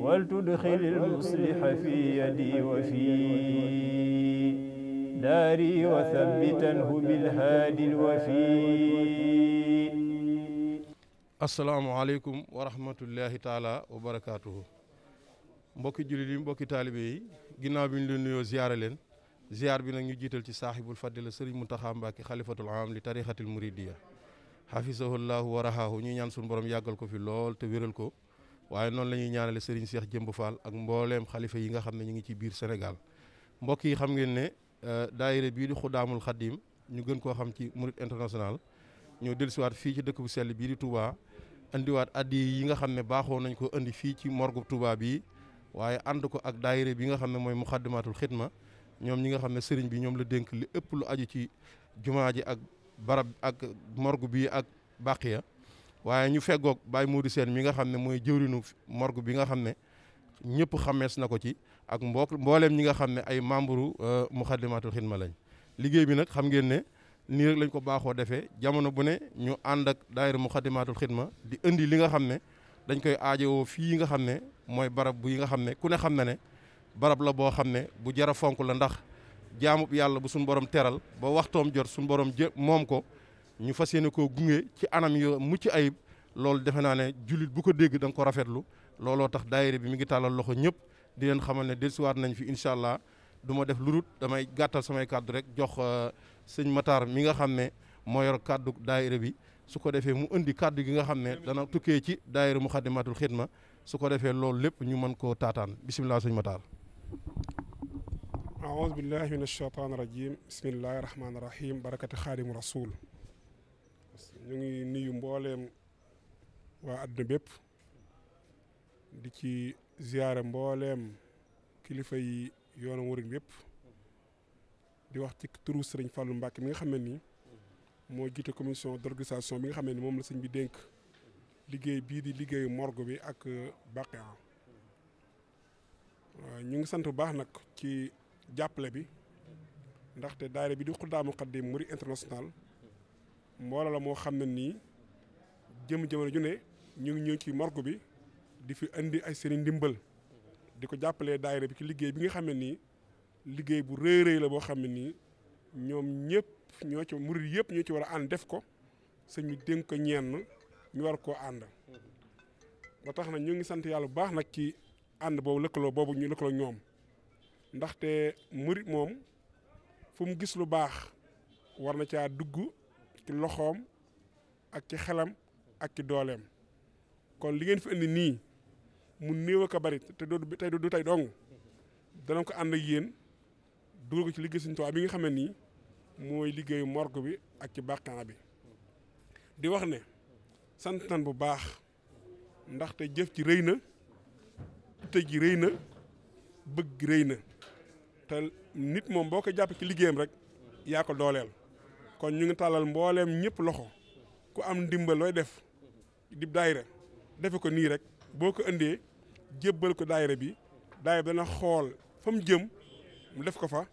ولتدخل المصلح في يدي وفي داري وثبتنه بالهادي الوفي asalaamualeykum wa rahmatullahi taala wa barakaatuhu mbokki jullit yi mbokki taalibe yi ginnaaw bi ñu leen nuyoo ziyaare leen ziyaar bi nag ñu jiital ci saaxibul fadila sëriñ Muntaxa Mbàkke xalifatul am li tarixatil muridiya xafisahu llaahu wa rahaahu ñu ñaan suñu borom yàggal ko fi lool te wéral ko waaye noonu la ñuy ñaanale Serigne Cheikh Jëmb Fall ak mbooleem xalifa yi nga xam ne ñu ngi ci biir Sénégal mbokk yi xam ngeen ne euh, daayira bii di Xudaamul Xadim ñu gën koo xam ci Murid International ñoo dellusiwaat fii ci dëkk bu sell bii di Touba indiwaat addi yi nga xam ne baaxoo nañ ko indi fii ci morgu Touba bii waaye ànd ko ak daayira bi nga xam ne mooy Muxaddamatul Xidma ñoom ñi nga xam ne sëriñ bi ñoom la dénk li ëpp lu aju ci jumaa ji ak barab ak morgu bi ak bàqiya waaye ñu feggoog Baye Modou Sène mi nga xam ne mooy jëwrinu morgue bi nga xam ne ñëpp xamees na ko ci ak mbokk mbooleem ñi nga xam ne ay membre euh, Muxaddamatul Xidma lañ liggéey bi nag xam ngeen ne nii rek lañ ko baaxoo defee jamono bu ne ñu ànd ak daayira Muxaddamatul Xidma di indi li nga xam ne dañ koy aajowoo fii nga xam ne mooy barab bu yi nga xam ne ku ne xam na ne barab la boo xam ne bu jara fonk la ndax jaamub yàlla bu suñu borom teral ba waxtoom jot suñu borom jë moom ko ñu fas yéene koo gunge ci anam yo mucc ayib loolu defe naa ne jullit bu ko dégg da nga ko rafetlu looloo tax daayira bi mi ngi tàllal loxo ñëpp di leen xamal ne dellusiwaat nañ fi incha allah du def lu dul damay gàttal samay kàddu rek jox euh, sëñ Matar mi nga xam ne moo kàddu daayira bi su ko defee mu indi kàddu gi nga xam ne dana tukkee ci daayira Muxaddamatul Xidma su ko defee loolu lépp ñu mën koo taataan bisimilah sëñ Matar. aouzu billahi min achaitan rajim bismillahi rahmani rahim barakati xaadimu rasul ñu ngi nuyu mbooleem waa àdduna bépp di ci ziyaare mbooleem kilifa yi yoonu murit yëpp di wax ci turu sëriñ Fallou Mbacké mi nga xam ne nii moo jiite commission d'organisation bi nga xam ne ni moom la sëñ bi dénk liggéey bii di liggéeyu morgo bi ak euh, Bakhia ñu ngi sant bu baax nag ci jàppale bi ndaxte daayira bi di Xudaamul Xadiim Murit international mbooloo la moo xam ne nii jëm jamono ju ne ñu ngi ñëw ci morgue bi di fi indi ay seen ndimbal di ko jàppalee daayira bi ci liggéey bi nga xam ne nii liggéey bu rëy rëy la boo xam ne nii ñoom ñëpp ñoo ci murid yëpp ñoo ci war a ànd def ko suñu dénk ko ñenn ñu war koo ànd. ba tax na ñu ngi sant yàlla bu baax nag ci ànd boobu lëkkaloo boobu ñu lëkkaloo ñoom ndaxte murid moom fu mu gis lu baax war na caa dugg. ci loxoom ak ci xelam ak ci dooleem kon li ngeen fi indi nii mu néew ak a bari te dootu tey du tey dong danañ ko ànd ak yéen dugal ko ci liggéey Sëñ Tuubaa bi nga xam ne nii mooy liggéeyu morgue bi ak ci bàqana bi di wax ne sant nan bu baax ndaxte jëf ci rëy na te ji rëy na bëgg rëy na te nit moom boo ko jàpp ci liggéeyam rek yaa ko dooleel kon ñu ngi tàllal mbooleem ñëpp loxo ku am ndimbal looy def di daayira defe ko nii rek boo ko indee jébbal ko daayre bi daayira bi dana xool fa mu jëm mu def ko fa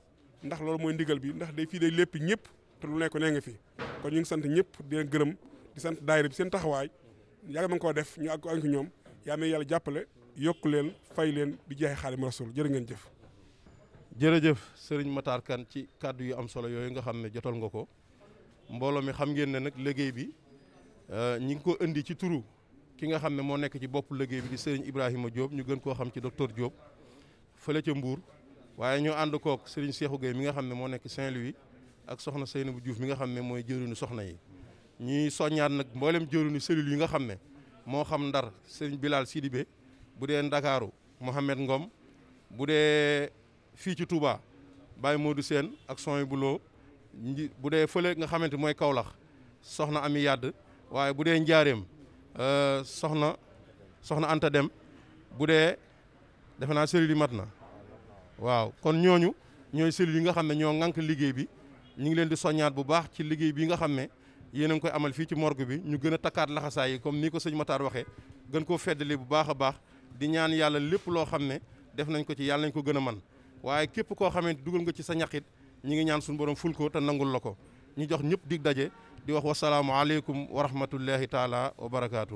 ndax loolu mooy ndigal bi ndax day fii day lépp ñëpp te lu nekk nee nga fi kon ñu ngi sant ñëpp di gërëm di sant daayira bi seen taxawaay yàgg ma koo def ñu ak ko ak ñoom yaa may yàlla jàppale yokk leen fay leen bi jeexee Xaadimu Rasuul jërë ngeen jëf. jërëjëf Serigne Matar Kane ci kàddu yu am solo yooyu nga xam ne jotal nga ko. mbooloo mi xam ngeen ne nag liggéey bi euh, ñi ngi ko indi ci turu ki nga xam ne moo nekk ci bopp liggéey bi di sëriñ Ibrahima Diop ñu gën koo xam ci docteur Diop fële ca Mbour waaye ñu ànd kook sëriñ Cheikhou Gueye mi nga xam ne moo nekk Saint-Louis ak soxna bu Diouf mi nga xam ne mooy jëriñu soxna yi ñuy soññaat nag mboolem jëriñu cellule yi nga xam ne moo xam Ndar sëriñ Bilal Sidibé bu dee Ndakaaru Mohamed Ngom bu dee fii ci baay moo Modou seen ak so bu loo nji bu dee fële nga xamante mooy Kaolack soxna Ami Yàdd waaye bu dee Njaareem euh, soxna soxna Anta Dem bu dee defe naa cellule yi mat na waaw kon ñooñu ñooy cellule yi nga xam ne ñoo ŋànk liggéey bi ñu ngi leen di soññaat bu baax ci liggéey bi nga xam ne yéen a ngi koy amal fii ci morgue bi ñu gën a takkaat laxasaay yi comme ni ko sëñ Matar waxee gën koo feddali bu baax a baax di ñaan yàlla lépp loo xam ne def nañ ko ci yàlla nañ ko gën a man waaye képp koo xamante dugal nga ci sa ñaqit ñi ngi ñaan suñu borom ful ko te nangul la ko ñu jox ñëpp dig daje di wax wasalaamu aleykum wa rahmatullahi taala wa barakaatu.